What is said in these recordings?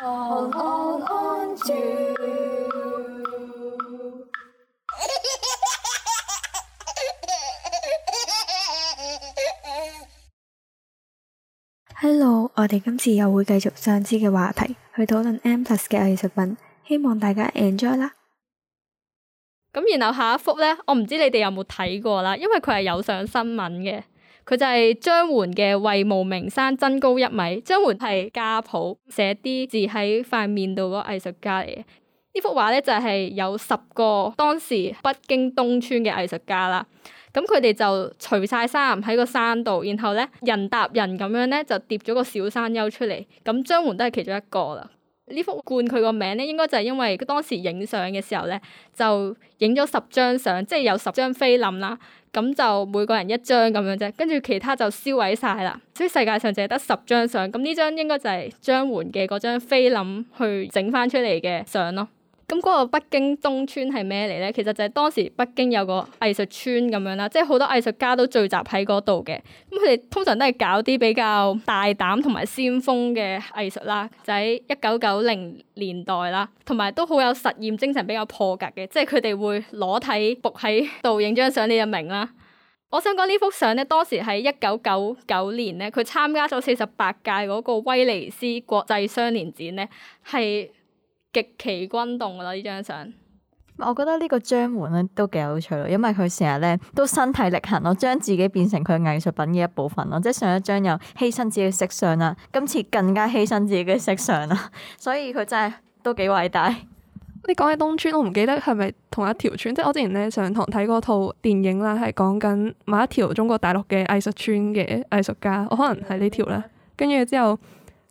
All, all, Hello，我哋今次又會繼續上次嘅話題去討論 M+ 嘅藝術品，希望大家 enjoy 啦。咁然後下一幅咧，我唔知你哋有冇睇過啦，因為佢係有上新聞嘅。佢就係張洹嘅《為無名山增高一米》，張洹係家譜寫啲字喺塊面度嗰藝術家嚟嘅。呢幅畫咧就係有十個當時北京東村嘅藝術家啦，咁佢哋就除晒衫喺個山度，然後咧人搭人咁樣咧就疊咗個小山丘出嚟，咁張洹都係其中一個啦。呢幅罐，佢個名咧，應該就係因為當時影相嘅時候咧，就影咗十張相，即係有十張菲林啦。咁就每個人一張咁樣啫，跟住其他就燒毀晒啦。所以世界上淨係得十張相。咁呢張應該就係張洹嘅嗰張菲林去整翻出嚟嘅相咯。咁嗰個北京東村係咩嚟咧？其實就係當時北京有個藝術村咁樣啦，即係好多藝術家都聚集喺嗰度嘅。咁佢哋通常都係搞啲比較大膽同埋先鋒嘅藝術啦，就喺一九九零年代啦，同埋都好有實驗精神，比較破格嘅，即係佢哋會裸體伏喺度影張相，你就明啦。我想講呢幅相咧，當時喺一九九九年咧，佢參加咗四十八屆嗰個威尼斯國際雙年展咧，係。極其轟動㗎啦！呢張相，我覺得呢個張洹咧都幾有趣咯，因為佢成日咧都身體力行，我將自己變成佢藝術品嘅一部分咯。即係上一張又犧牲自己嘅色相啦，今次更加犧牲自己嘅色相啦，所以佢真係都幾偉大。你講起東村，我唔記得係咪同一條村。即係我之前咧上堂睇嗰套電影啦，係講緊某一條中國大陸嘅藝術村嘅藝術家，我可能係呢條啦。跟住之後。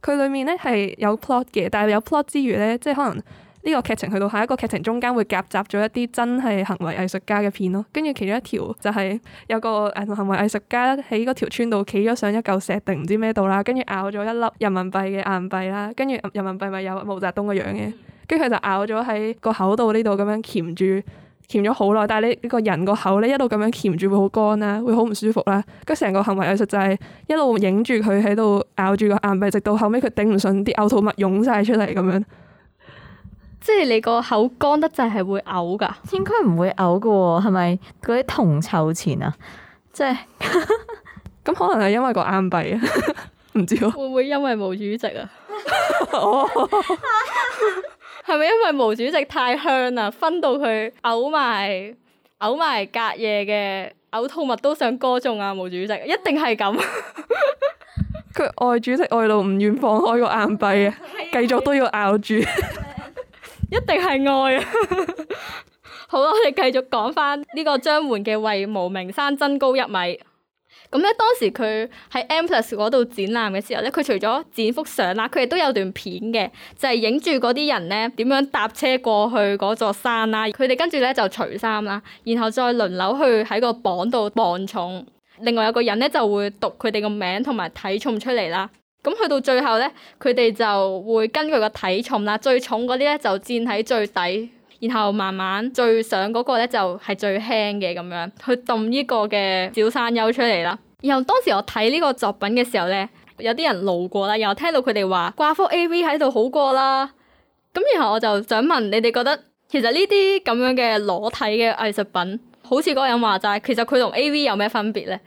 佢裡面咧係有 plot 嘅，但係有 plot 之餘咧，即係可能呢個劇情去到下一個劇情中間會夾雜咗一啲真係行為藝術家嘅片咯。跟住其中一條就係有個誒行為藝術家喺嗰條村度企咗上一嚿石定唔知咩度啦，跟住咬咗一粒人民幣嘅硬幣啦，跟住人民幣咪有毛澤東個樣嘅，跟住佢就咬咗喺個口度呢度咁樣鉗住。填咗好耐，但係你你個人個口咧一路咁樣填住會好乾啦，會好唔舒服啦。跟住成個行為藝術就係一路影住佢喺度咬住個硬幣，直到後尾佢頂唔順啲嘔吐物湧晒出嚟咁樣。即係你個口乾得滯係會嘔㗎？應該唔會嘔㗎喎，係咪嗰啲銅臭錢啊？即係咁可能係因為個硬幣啊，唔 知喎道。 會唔會因為毛主席啊？ 哦 係咪因為毛主席太香啦？分到佢嘔埋嘔埋隔夜嘅嘔吐物都想歌頌啊！毛主席一定係咁，佢 愛主席愛到唔願放開個硬幣啊，繼續都要咬住， 一定係愛啊！ 好啦，我哋繼續講翻呢個張洹嘅為無名山增高一米。咁咧當時佢喺 M+ 嗰度展覽嘅時候咧，佢除咗展幅相啦，佢亦都有段片嘅，就係影住嗰啲人咧點樣搭車過去嗰座山啦，佢哋跟住咧就除衫啦，然後再輪流去喺個磅度磅重，另外有個人咧就會讀佢哋個名同埋體重出嚟啦。咁去到最後咧，佢哋就會根據個體重啦，最重嗰啲咧就企喺最底。然後慢慢最上嗰個咧就係最輕嘅咁樣，去動呢個嘅小山丘出嚟啦。然後當時我睇呢個作品嘅時候咧，有啲人路過啦，然後聽到佢哋話掛幅 AV 喺度好過啦。咁然後我就想問你哋覺得，其實呢啲咁樣嘅裸體嘅藝術品，好似嗰個人話齋，其實佢同 AV 有咩分別咧？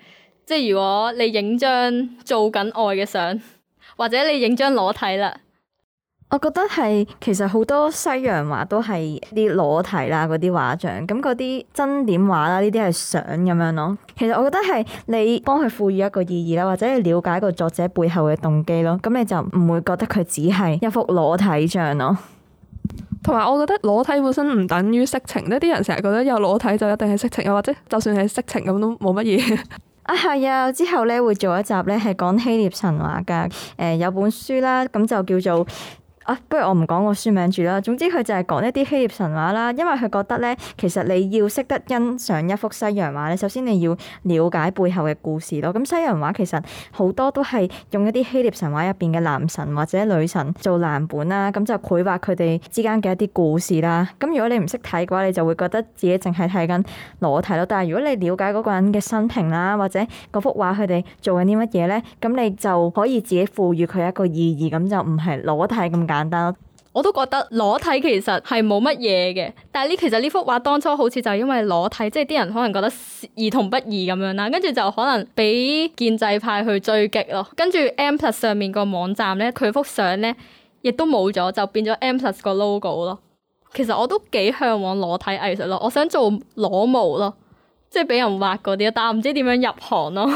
即係如果你影張做緊愛嘅相，或者你影張裸體啦。我覺得係其實好多西洋畫都係啲裸體啦，嗰啲畫像，咁嗰啲真點畫啦，呢啲係相咁樣咯。其實我覺得係你幫佢賦予一個意義啦，或者你了解個作者背後嘅動機咯，咁你就唔會覺得佢只係一幅裸體像咯。同埋我覺得裸體本身唔等於色情呢，啲人成日覺得有裸體就一定係色情，又或者就算係色情咁都冇乜嘢。啊係啊，之後咧會做一集咧係講希臘神話噶，誒有本書啦，咁就叫做。啊，不如我唔講個書名住啦。總之佢就係講一啲希臘神話啦，因為佢覺得咧，其實你要識得欣賞一幅西洋畫咧，首先你要了解背後嘅故事咯。咁西洋畫其實好多都係用一啲希臘神話入邊嘅男神或者女神做藍本啦，咁就繪畫佢哋之間嘅一啲故事啦。咁如果你唔識睇嘅話，你就會覺得自己淨係睇緊裸體咯。但係如果你了解嗰個人嘅生平啦，或者嗰幅畫佢哋做緊啲乜嘢咧，咁你就可以自己賦予佢一個意義，咁就唔係裸體咁。簡單，我都覺得裸體其實係冇乜嘢嘅。但係呢，其實呢幅畫當初好似就因為裸體，即係啲人可能覺得兒童不宜咁樣啦，跟住就可能俾建制派去追擊咯。跟住 M+ 上面個網站咧，佢幅相咧亦都冇咗，就變咗 M+ 個 logo 咯。其實我都幾向往裸體藝術咯，我想做裸模咯。即係俾人畫嗰啲，但係唔知點樣入行咯。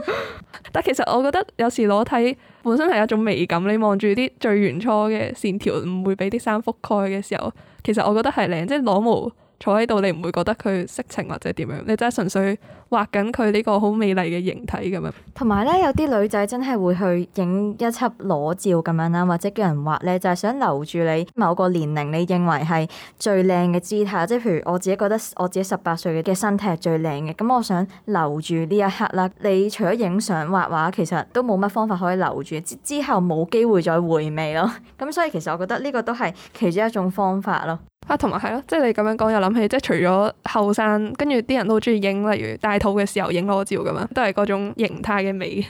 但其實我覺得有時裸體本身係一種美感，你望住啲最原初嘅線條，唔會俾啲衫覆蓋嘅時候，其實我覺得係靚。即係裸模。坐喺度，你唔會覺得佢色情或者點樣？你真係純粹畫緊佢呢個好美麗嘅形體咁樣。同埋呢，有啲女仔真係會去影一輯裸照咁樣啦，或者叫人畫咧，就係想留住你某個年齡，你認為係最靚嘅姿態。即係譬如我自己覺得我自己十八歲嘅身體係最靚嘅，咁我想留住呢一刻啦。你除咗影相畫畫，其實都冇乜方法可以留住，之之後冇機會再回味咯。咁 所以其實我覺得呢個都係其中一種方法咯。啊，同埋係咯，即係你咁樣講又諗起，即係除咗後生，跟住啲人都好中意影，例如大肚嘅時候影裸照噉樣，都係嗰種形態嘅美。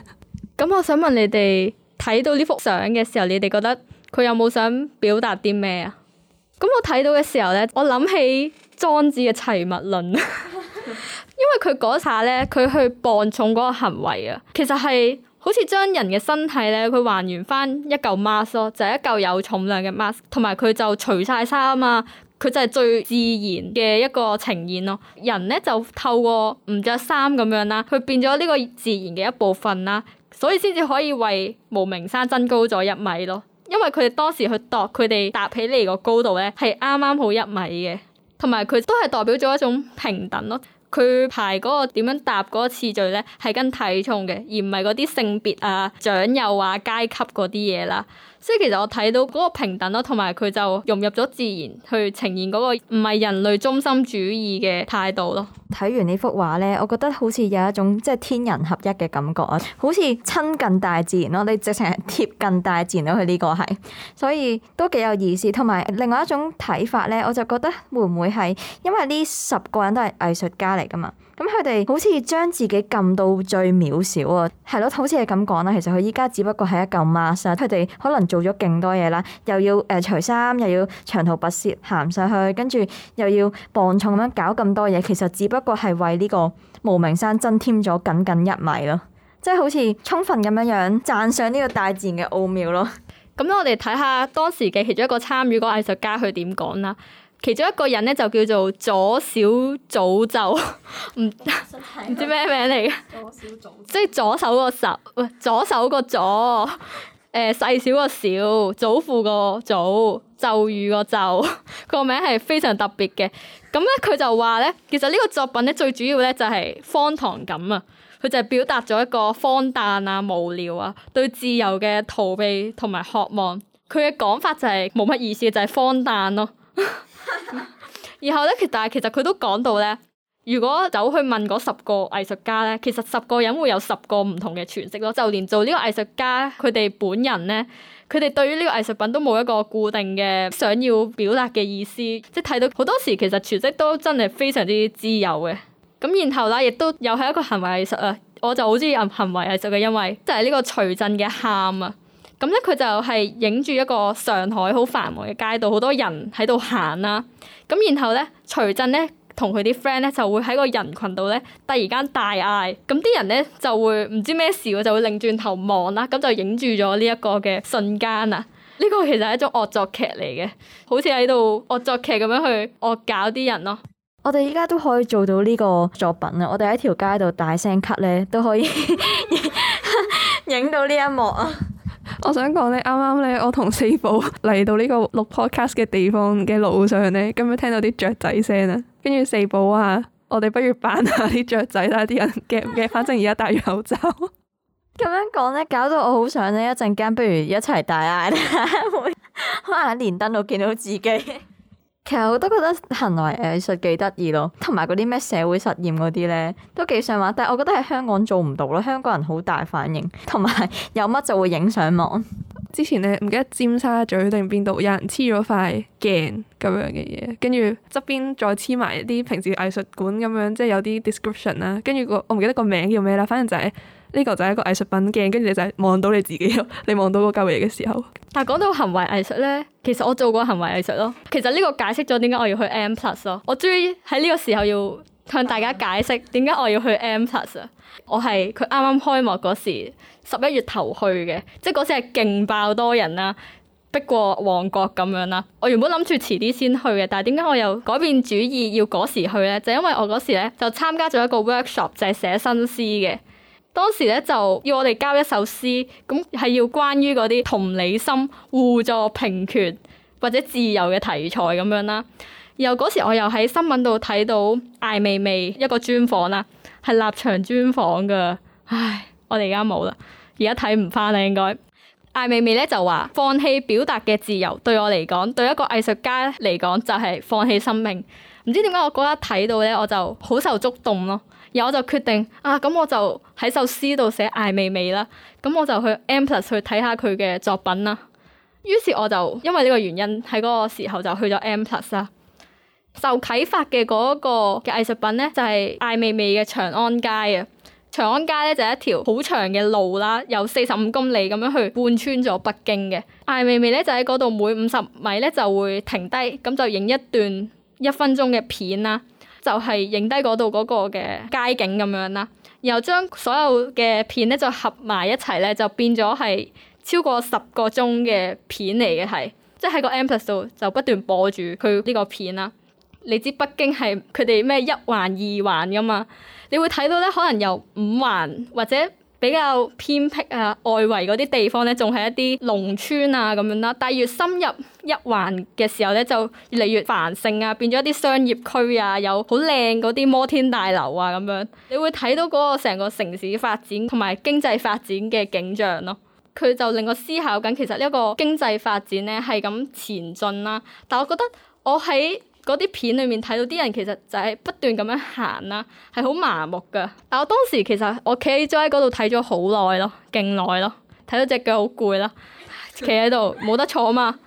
咁、嗯、我想問你哋睇到呢幅相嘅時候，你哋覺得佢有冇想表達啲咩啊？咁我睇到嘅時候咧，我諗起莊子嘅齊物論， 因為佢嗰下咧，佢去磅重嗰個行為啊，其實係。好似將人嘅身體咧，佢還原翻一嚿 mask 咯，就係一嚿有重量嘅 mask，同埋佢就除晒衫啊，佢就係最自然嘅一個呈現咯。人咧就透過唔著衫咁樣啦，佢變咗呢個自然嘅一部分啦，所以先至可以為無名山增高咗一米咯。因為佢哋當時去度佢哋搭起嚟個高度咧，係啱啱好一米嘅，同埋佢都係代表咗一種平等咯。佢排嗰個點樣搭嗰個次序咧，係跟體重嘅，而唔係嗰啲性別啊、長幼啊、階級嗰啲嘢啦。所以其實我睇到嗰個平等咯，同埋佢就融入咗自然去呈現嗰個唔係人類中心主義嘅態度咯。睇完幅呢幅畫咧，我覺得好似有一種即係天人合一嘅感覺啊，好似親近大自然咯，你直情係貼近大自然咯，佢、這、呢個係，所以都幾有意思。同埋另外一種睇法咧，我就覺得會唔會係因為呢十個人都係藝術家？嚟噶嘛？咁佢哋好似將自己撳到最渺小啊！係咯，好似係咁講啦。其實佢依家只不過係一嚿麻石，佢哋可能做咗勁多嘢啦，又要誒除衫，又要長途跋涉行上去，跟住又要磅重咁樣搞咁多嘢。其實只不過係為呢個無名山增添咗僅僅一米咯，即係好似充分咁樣樣讚賞呢個大自然嘅奧妙咯。咁我哋睇下當時嘅其中一個參與個藝術家佢點講啦。其中一個人咧就叫做左小祖咒，唔 唔不想知咩名嚟嘅。即係左手個手，喂左手個左，誒、呃、細小個小，祖父個祖，咒語個咒，個 名係非常特別嘅。咁咧佢就話咧，其實呢個作品咧最主要咧就係荒唐感啊！佢就係表達咗一個荒誕啊、無聊啊、對自由嘅逃避同埋渴望。佢嘅講法就係冇乜意思，就係荒誕咯。 然後咧，但係其實佢都講到咧，如果走去問嗰十個藝術家咧，其實十個人會有十個唔同嘅詮釋咯。就連做呢個藝術家，佢哋本人咧，佢哋對於呢個藝術品都冇一個固定嘅想要表達嘅意思。即係睇到好多時，其實詮釋都真係非常之自由嘅。咁然後啦，亦都又係一個行為藝術啊。我就好中意行行為藝術嘅，因為即係呢個徐震嘅喊啊。咁咧，佢就係影住一個上海好繁忙嘅街道，好多人喺度行啦。咁然後咧，徐震咧同佢啲 friend 咧就會喺個人群度咧，突然間大嗌，咁啲人咧就會唔知咩事喎，就會擰轉頭望啦。咁就影住咗呢一個嘅瞬間啊！呢、呢個其實係一種惡作劇嚟嘅，好似喺度惡作劇咁樣去惡搞啲人咯、啊。我哋依家都可以做到呢個作品啊！我哋喺條街度大聲咳 u 咧，都可以影 到呢一幕啊！我想講咧，啱啱咧，我同四寶嚟到呢個錄 podcast 嘅地方嘅路上咧，咁樣聽到啲雀仔聲啊，跟住四寶話，我哋不如扮下啲雀仔啦，啲人驚唔驚？反正而家戴住口罩，咁樣講咧，搞到我好想咧一陣間不如一齊大嗌啦， 可能喺連登度見到自己。 其實我都覺得行為藝術幾得意咯，同埋嗰啲咩社會實驗嗰啲咧都幾想玩。但係我覺得喺香港做唔到咯，香港人好大反應，同埋有乜就會影上網。之前咧唔記得尖沙咀定邊度有人黐咗塊鏡咁樣嘅嘢，跟住側邊再黐埋一啲平時藝術館咁樣，即係有啲 description 啦，跟住個我唔記得個名叫咩啦，反正就係、是。呢個就係一個藝術品鏡，跟住你就係望到你自己咯。你望到個舊嘢嘅時候，但係講到行為藝術咧，其實我做過行為藝術咯。其實呢個解釋咗點解我要去 M+ 咯。我終於喺呢個時候要向大家解釋點解我要去 M+ 啊。我係佢啱啱開幕嗰時十一月頭去嘅，即係嗰時係勁爆多人啦、啊，逼過旺角咁樣啦。我原本諗住遲啲先去嘅，但係點解我又改變主意要嗰時去咧？就因為我嗰時咧就參加咗一個 workshop，就係寫新詩嘅。當時咧就要我哋交一首詩，咁係要關於嗰啲同理心、互助、平權或者自由嘅題材咁樣啦。然後嗰時我又喺新聞度睇到艾未未一個專訪啦，係立場專訪噶。唉，我哋而家冇啦，而家睇唔翻啦，應該。艾未未咧就話，放棄表達嘅自由對我嚟講，對一個藝術家嚟講就係放棄生命。唔知點解我覺得睇到咧，我就好受觸動咯。然後我就決定啊，咁我就喺首詩度寫艾未未啦。咁我就去 M+ 去睇下佢嘅作品啦。於是我就因為呢個原因喺嗰個時候就去咗 M+ 啦。受啟發嘅嗰個嘅藝術品呢，就係艾未未嘅長安街啊。長安街呢，就係一條好長嘅路啦，有四十五公里咁樣去貫穿咗北京嘅。艾未未呢，就喺嗰度每五十米呢就會停低，咁就影一段一分鐘嘅片啦。就係影低嗰度嗰個嘅街景咁樣啦，然後將所有嘅片咧就合埋一齊咧，就變咗係超過十個鐘嘅片嚟嘅，係即係個 M+ 度就不斷播住佢呢個片啦。你知北京係佢哋咩一環二環㗎嘛？你會睇到咧，可能由五環或者，比較偏僻啊，外圍嗰啲地方呢，仲係一啲農村啊咁樣啦。但係越深入一環嘅時候呢，就越嚟越繁盛啊，變咗一啲商業區啊，有好靚嗰啲摩天大樓啊咁樣。你會睇到嗰個成個城市發展同埋經濟發展嘅景象咯。佢就令我思考緊，其實呢一個經濟發展呢係咁前進啦、啊。但我覺得我喺嗰啲片裏面睇到啲人其實就係不斷咁樣行啦，係好麻木噶。但我當時其實我企咗喺嗰度睇咗好耐咯，勁耐咯，睇到隻腳好攰啦，企喺度冇得坐啊嘛。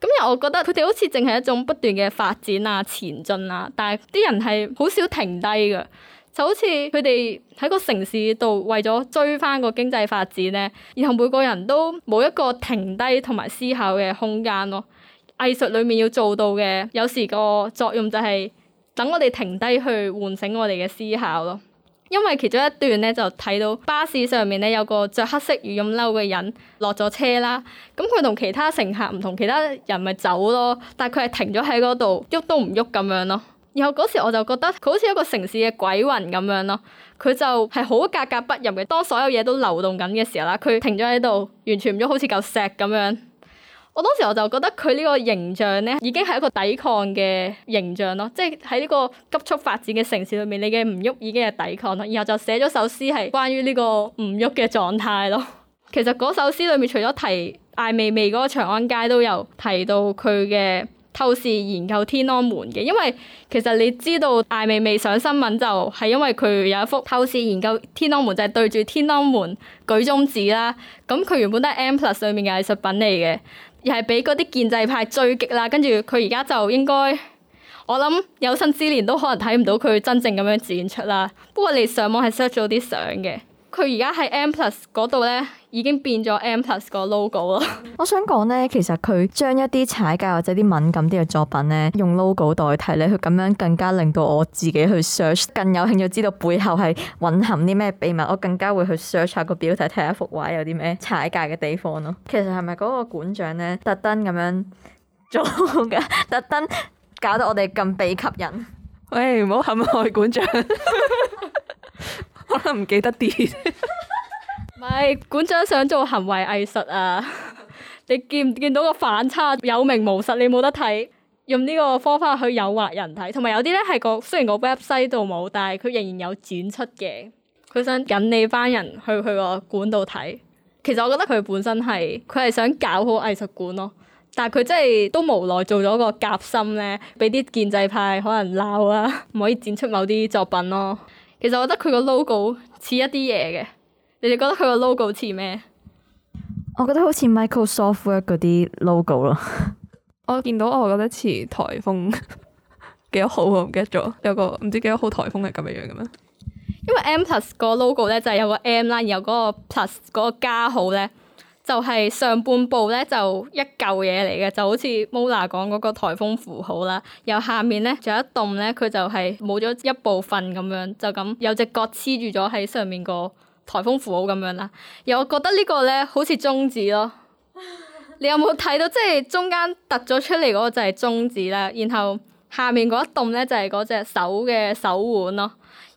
咁又我覺得佢哋好似淨係一種不斷嘅發展啊、前進啊，但係啲人係好少停低噶，就好似佢哋喺個城市度為咗追翻個經濟發展咧，然後每個人都冇一個停低同埋思考嘅空間咯。藝術裏面要做到嘅，有時個作用就係等我哋停低去喚醒我哋嘅思考咯。因為其中一段咧就睇到巴士上面咧有個着黑色羽絨褸嘅人落咗車啦，咁佢同其他乘客唔同，其他人咪走咯，但係佢係停咗喺嗰度，喐都唔喐咁樣咯。然後嗰時我就覺得佢好似一個城市嘅鬼魂咁樣咯，佢就係好格格不入嘅。當所有嘢都流動緊嘅時候啦，佢停咗喺度，完全唔喐，好似嚿石咁樣。我當時我就覺得佢呢個形象呢已經係一個抵抗嘅形象咯。即係喺呢個急速發展嘅城市裏面，你嘅唔喐已經係抵抗啦。然後就寫咗首詩係關於呢個唔喐嘅狀態咯。 其實嗰首詩裏面除咗提艾未未嗰個長安街，都有提到佢嘅透視研究天安門嘅，因為其實你知道艾未未上新聞就係因為佢有一幅透視研究天安門，就係對住天安門舉中指啦。咁佢原本都係 M plus 裏面嘅藝術品嚟嘅。而係俾嗰啲建制派追擊啦，跟住佢而家就應該，我諗有生之年都可能睇唔到佢真正咁樣展出啦。不過你上網係 search 咗啲相嘅。佢而家喺 M Plus 嗰度咧，已經變咗 M Plus 個 logo 咯。我想講咧，其實佢將一啲踩界或者啲敏感啲嘅作品咧，用 logo 代替咧，佢咁樣更加令到我自己去 search，更有興趣知道背後係隱含啲咩秘密。我更加會去 search 下個標題，睇下幅畫有啲咩踩界嘅地方咯。其實係咪嗰個館長咧特登咁樣做嘅？特登搞到我哋咁被吸引？喂，唔好陷害館長。 可能唔記得啲，唔係館長想做行為藝術啊！ 你見唔見到個反差？有名無實，你冇得睇。用呢個方法去誘惑人睇，同埋有啲咧係個雖然個 website 度冇，但係佢仍然有展出嘅。佢想引你班人去去個館度睇。其實我覺得佢本身係佢係想搞好藝術館咯，但係佢真係都無奈做咗個夾心咧，俾啲建制派可能鬧啊，唔可以展出某啲作品咯。其實我覺得佢個 logo 似一啲嘢嘅，你哋覺得佢個 logo 似咩？我覺得好似 Microsoft 嗰啲 logo 咯。 我見到我覺得似台風幾多號啊？唔記得咗，有個唔知幾多號台風係咁樣嘅咩？因為 M+ 個 logo 咧就係有個 M 啦，然後嗰個+嗰個加號咧。就係上半部咧，就一嚿嘢嚟嘅，就好似 Mona 講嗰個颱風符號啦。然後下面咧仲有一棟咧，佢就係冇咗一部分咁樣，就咁有隻角黐住咗喺上面個颱風符號咁樣啦。然後我覺得呢個咧好似中指咯。你有冇睇到？即係中間突咗出嚟嗰個就係中指啦，然後下面嗰一棟咧就係嗰隻手嘅手腕咯。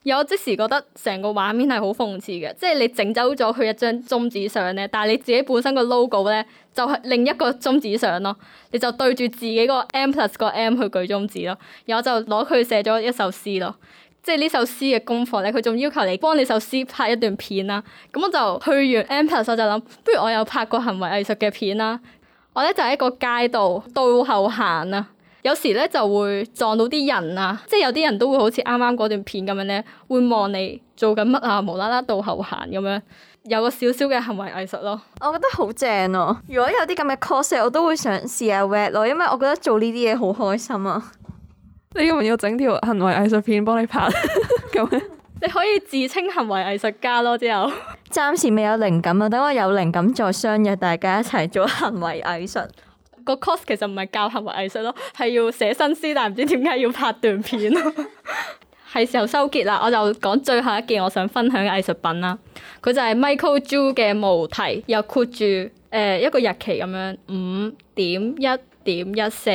有即時覺得成個畫面係好諷刺嘅，即係你整走咗佢一張中指相咧，但係你自己本身個 logo 咧就係另一個中指相咯，你就對住自己個 M+ 個 M 去舉中指咯，然後就攞佢寫咗一首詩咯，即係呢首詩嘅功課咧，佢仲要求你幫你首詩拍一段片啦，咁我就去完 M+ 我就諗，不如我又拍個行為藝術嘅片啦，我咧就喺個街度倒後行啊！有時咧就會撞到啲人啊，即係有啲人都會好似啱啱嗰段片咁樣咧，會望你做緊乜啊，無啦啦倒後行咁樣，有個少少嘅行為藝術咯。我覺得好正哦、啊！如果有啲咁嘅 course 我都會想試下 read 咯，因為我覺得做呢啲嘢好開心啊。你要唔要整條行為藝術片幫你拍咁？ 你可以自稱行為藝術家咯，之後暫時未有靈感啊，等我有靈感再相約大家一齊做行為藝術。個 c o s 其實唔係教行為藝術咯，係要寫新詩，但係唔知點解要拍短片咯。係 時候收結啦，我就講最後一件我想分享嘅藝術品啦。佢就係 Michael Joo 嘅《無題》又，又括住誒一個日期咁樣，五點一點一四。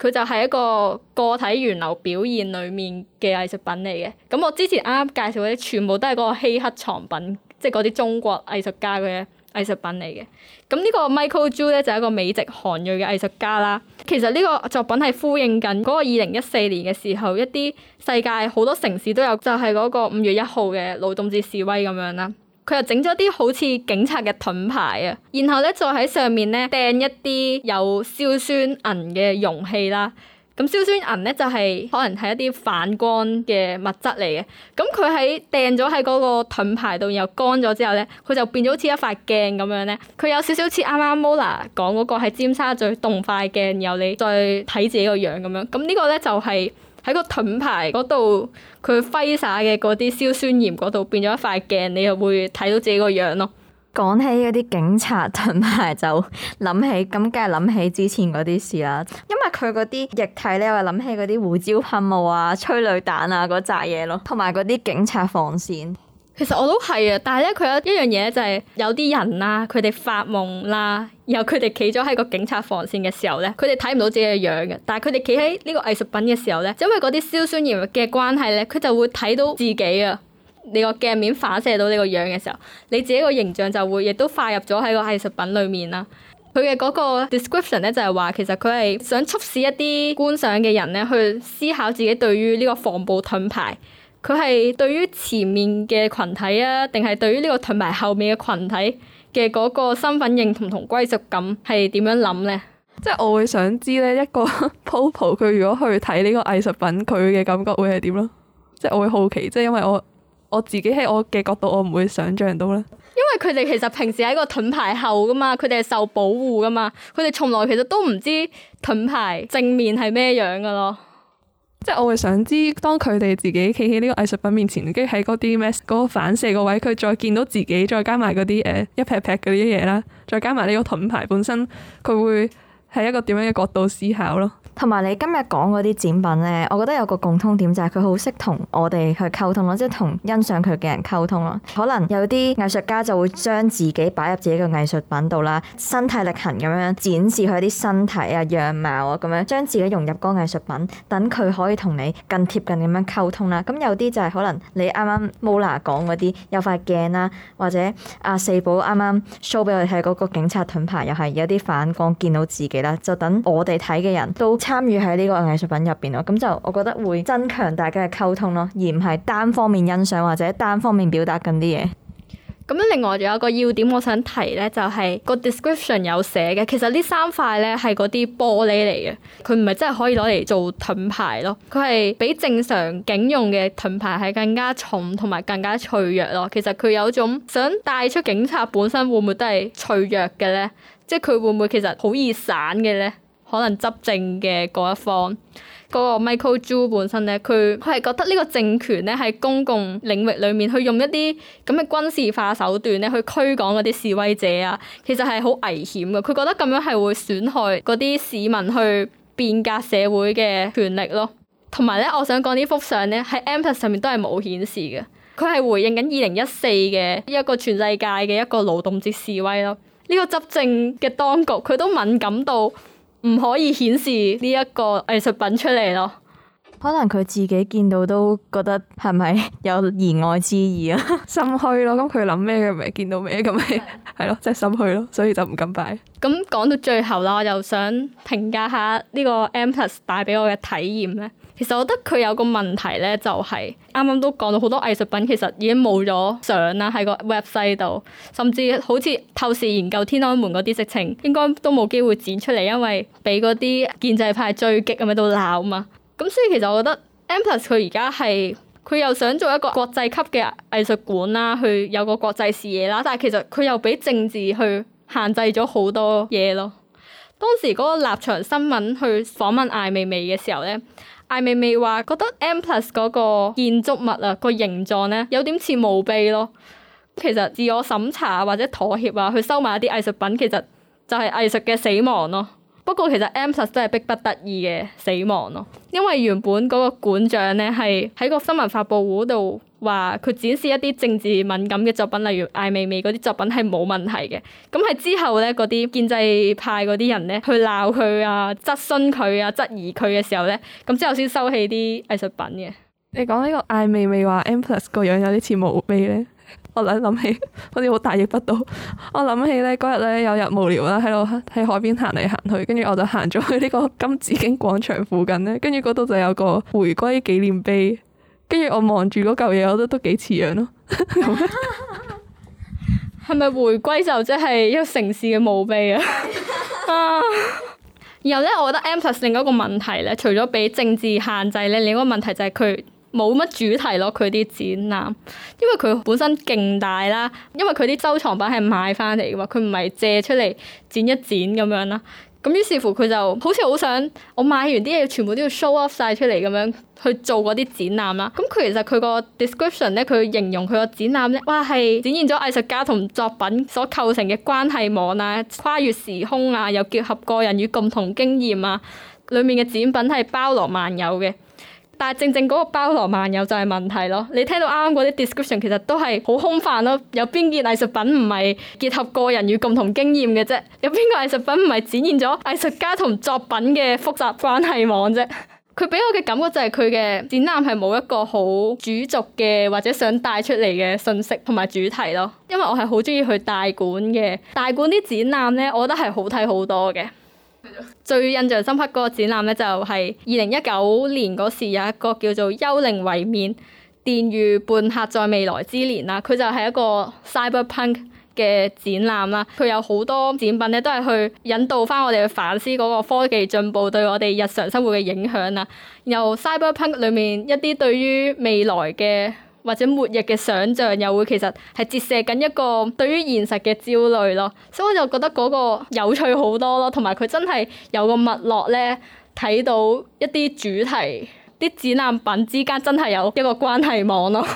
佢就係一個個體源流表現裏面嘅藝術品嚟嘅。咁我之前啱啱介紹嗰啲全部都係嗰個希克藏品，即係嗰啲中國藝術家嘅。藝術品嚟嘅。咁、這、呢個 Michael Joo 咧就係、一個美籍韓裔嘅藝術家啦。其實呢個作品係呼應緊嗰、那個二零一四年嘅時候，一啲世界好多城市都有，就係、是、嗰個五月一號嘅勞動節示威咁樣啦。佢又整咗啲好似警察嘅盾牌啊，然後咧再喺上面咧掟一啲有硝酸銀嘅容器啦。咁硝酸銀咧就係、是、可能係一啲反光嘅物質嚟嘅，咁佢喺掟咗喺嗰個盾牌度，然後乾咗之後咧，佢就變咗好似一塊鏡咁樣咧。佢有少少似啱啱 Mola 講嗰、那個喺尖沙咀動塊鏡，然後你再睇自己個樣咁樣。咁呢個咧就係、是、喺個盾牌嗰度，佢揮灑嘅嗰啲硝酸鹽嗰度變咗一塊鏡，你又會睇到自己個樣咯。講起嗰啲警察，同埋就諗起，咁梗係諗起之前嗰啲事啦。因為佢嗰啲液體咧，我諗起嗰啲胡椒噴霧啊、催淚彈啊嗰扎嘢咯，同埋嗰啲警察防線。其實我都係、就是、啊，但係咧，佢有一樣嘢就係有啲人啦，佢哋發夢啦、啊，然後佢哋企咗喺個警察防線嘅時候咧，佢哋睇唔到自己嘅樣嘅，但係佢哋企喺呢個藝術品嘅時候咧，就是、因為嗰啲硝酸鹽嘅關係咧，佢就會睇到自己啊。你個鏡面反射到呢個樣嘅時候，你自己個形象就會亦都化入咗喺個藝術品裏面啦。佢嘅嗰個 description 咧就係話，其實佢係想促使一啲觀賞嘅人咧去思考自己對於呢個防暴盾牌，佢係對於前面嘅群體啊，定係對於呢個盾牌後面嘅群體嘅嗰個身份認同同歸屬感係點樣諗呢？即係我會想知咧，一個 popo 佢如果去睇呢個藝術品，佢嘅感覺會係點咯？即係我會好奇，即係因為我。我自己喺我嘅角度，我唔會想像到啦。因為佢哋其實平時喺個盾牌後㗎嘛，佢哋係受保護㗎嘛，佢哋從來其實都唔知盾牌正面係咩樣㗎囉。即係我會想知，當佢哋自己企喺呢個藝術品面前，跟住喺嗰啲咩嗰個反射個位，佢再見到自己，再加埋嗰啲誒一撇撇嗰啲嘢啦，再加埋呢個盾牌本身，佢會。係一個點樣嘅角度思考咯，同埋你今日講嗰啲展品咧，我覺得有個共通點就係佢好識同我哋去溝通咯，即係同欣賞佢嘅人溝通咯。可能有啲藝術家就會將自己擺入自己嘅藝術品度啦，身體力行咁樣展示佢啲身體啊、樣貌啊咁樣，將自己融入個藝術品，等佢可以同你更貼近咁樣溝通啦。咁有啲就係可能你啱啱冇啦講嗰啲有塊鏡啦，或者阿、啊、四寶啱啱 show 俾我哋睇嗰個警察盾牌又係有啲反光，見到自己。就等我哋睇嘅人都參與喺呢個藝術品入邊咯，咁就我覺得會增強大家嘅溝通咯，而唔係單方面欣賞或者單方面表達緊啲嘢。咁另外仲有個要點我想提呢，就係個 description 有寫嘅，其實呢三塊呢係嗰啲玻璃嚟嘅，佢唔係真係可以攞嚟做盾牌咯，佢係比正常警用嘅盾牌係更加重同埋更加脆弱咯。其實佢有種想帶出警察本身會唔會都係脆弱嘅呢？即係佢會唔會其實好易散嘅咧？可能執政嘅嗰一方，嗰、嗰個 Michael Joo 本身咧，佢佢係覺得呢個政權咧喺公共領域裡面去用一啲咁嘅軍事化手段咧去驅趕嗰啲示威者啊，其實係好危險嘅。佢覺得咁樣係會損害嗰啲市民去變革社會嘅權力咯。同埋咧，我想講呢幅相咧喺 M+ 上面都係冇顯示嘅。佢係回應緊二零一四嘅一個全世界嘅一個勞動節示威咯。呢個執政嘅當局，佢都敏感到唔可以顯示呢一個藝術品出嚟咯。可能佢自己見到都覺得係咪有言外之意啊？ 心虛咯，咁佢諗咩嘅咪見到咩咁咪係咯，即係心虛咯，所以就唔敢擺。咁講到最後啦，我又想評價下呢個 M+ 帶俾我嘅體驗咧。其實我覺得佢有個問題咧，就係啱啱都講到好多藝術品其實已經冇咗相啦，喺個 website 度，甚至好似透視研究天安門嗰啲直情，應該都冇機會展出嚟，因為俾嗰啲建制派追擊咁喺度鬧嘛。咁所以其實我覺得 M+ 佢而家係佢又想做一個國際級嘅藝術館啦，去有個國際視野啦，但係其實佢又俾政治去限制咗好多嘢咯。當時嗰個立場新聞去訪問艾未未嘅時候咧。艾未未話覺得 M plus 嗰個建築物啊，個形狀咧，有點似墓碑咯。其實自我審查或者妥協啊，去收埋一啲藝術品，其實就係藝術嘅死亡咯。不過其實 M+ 真係逼不得已嘅死亡咯，因為原本嗰個館長咧係喺個新聞發佈會度話佢展示一啲政治敏感嘅作品，例如艾未未嗰啲作品係冇問題嘅。咁係之後咧嗰啲建制派嗰啲人咧去鬧佢啊、質詢佢啊、質疑佢嘅時候咧，咁之後先收起啲藝術品嘅。你講呢個艾未未話 M+ 個樣有啲似無悲咧？我諗起，好似好大逆不道。我諗起咧，嗰日咧有日無聊啦，喺度喺海邊行嚟行去，跟住我就行咗去呢個金紫荊廣場附近咧，跟住嗰度就有個回歸紀念碑，跟住我望住嗰嚿嘢，我覺得都幾似樣咯。係 咪 回歸就即係一個城市嘅墓碑啊？ 然後咧，我覺得 M+ 另一個問題咧，除咗俾政治限制咧，另一個問題就係佢。冇乜主題咯，佢啲展覽，因為佢本身勁大啦，因為佢啲收藏品係買翻嚟嘅喎，佢唔係借出嚟展一展咁樣啦。咁於是乎佢就好似好想我買完啲嘢，全部都要 show off 晒出嚟咁樣去做嗰啲展覽啦。咁佢其實佢個 description 咧，佢形容佢個展覽咧，哇係展現咗藝術家同作品所構成嘅關係網啊，跨越時空啊，又結合個人與共同經驗啊，裡面嘅展品係包羅萬有嘅。但係正正嗰個包羅萬有就係問題咯，你聽到啱啱嗰啲 description 其實都係好空泛咯。有邊件藝術品唔係結合個人與共同經驗嘅啫？有邊個藝術品唔係展現咗藝術家同作品嘅複雜關係網啫？佢俾我嘅感覺就係佢嘅展覽係冇一個好主軸嘅，或者想帶出嚟嘅信息同埋主題咯。因為我係好鍾意去大館嘅，大館啲展覽咧，我覺得係好睇好多嘅。最印象深刻嗰個展覽咧，就係二零一九年嗰時有一個叫做《幽靈維面：電馭叛客在未來之年》啦。佢就係一個 cyberpunk 嘅展覽啦。佢有好多展品咧，都係去引導翻我哋去反思嗰個科技進步對我哋日常生活嘅影響啦。由 cyberpunk 裏面一啲對於未來嘅或者末日嘅想像，又會其實係折射緊一個對於現實嘅焦慮咯，所以我就覺得嗰個有趣好多咯，同埋佢真係有個脈絡咧，睇到一啲主題啲展覽品之間真係有一個關係網咯。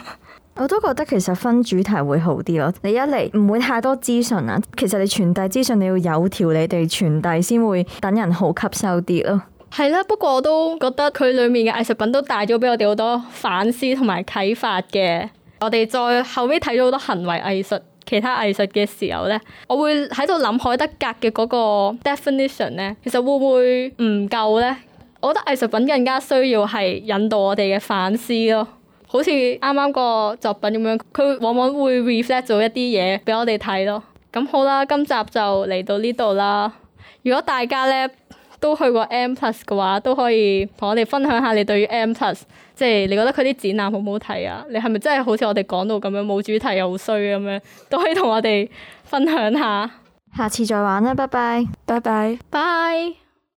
我都覺得其實分主題會好啲咯，你一嚟唔會太多資訊啊，其實你傳遞資訊你要有條理地傳遞先會等人好吸收啲咯。係啦，不過我都覺得佢裡面嘅藝術品都帶咗俾我哋好多反思同埋啟發嘅。我哋在後尾睇咗好多行為藝術、其他藝術嘅時候呢，我會喺度諗海德格嘅嗰個 definition 呢，其實會唔會唔夠呢？我覺得藝術品更加需要係引導我哋嘅反思咯。好似啱啱個作品咁樣，佢往往會 reflect 咗一啲嘢俾我哋睇咯。咁好啦，今集就嚟到呢度啦。如果大家呢……都去過 M plus 嘅話，都可以同我哋分享下你對於 M plus，即係你覺得佢啲展覽好唔好睇啊？你係咪真係好似我哋講到咁樣冇主題又衰咁樣？都可以同我哋分享下。下次再玩啦，拜拜，拜拜 b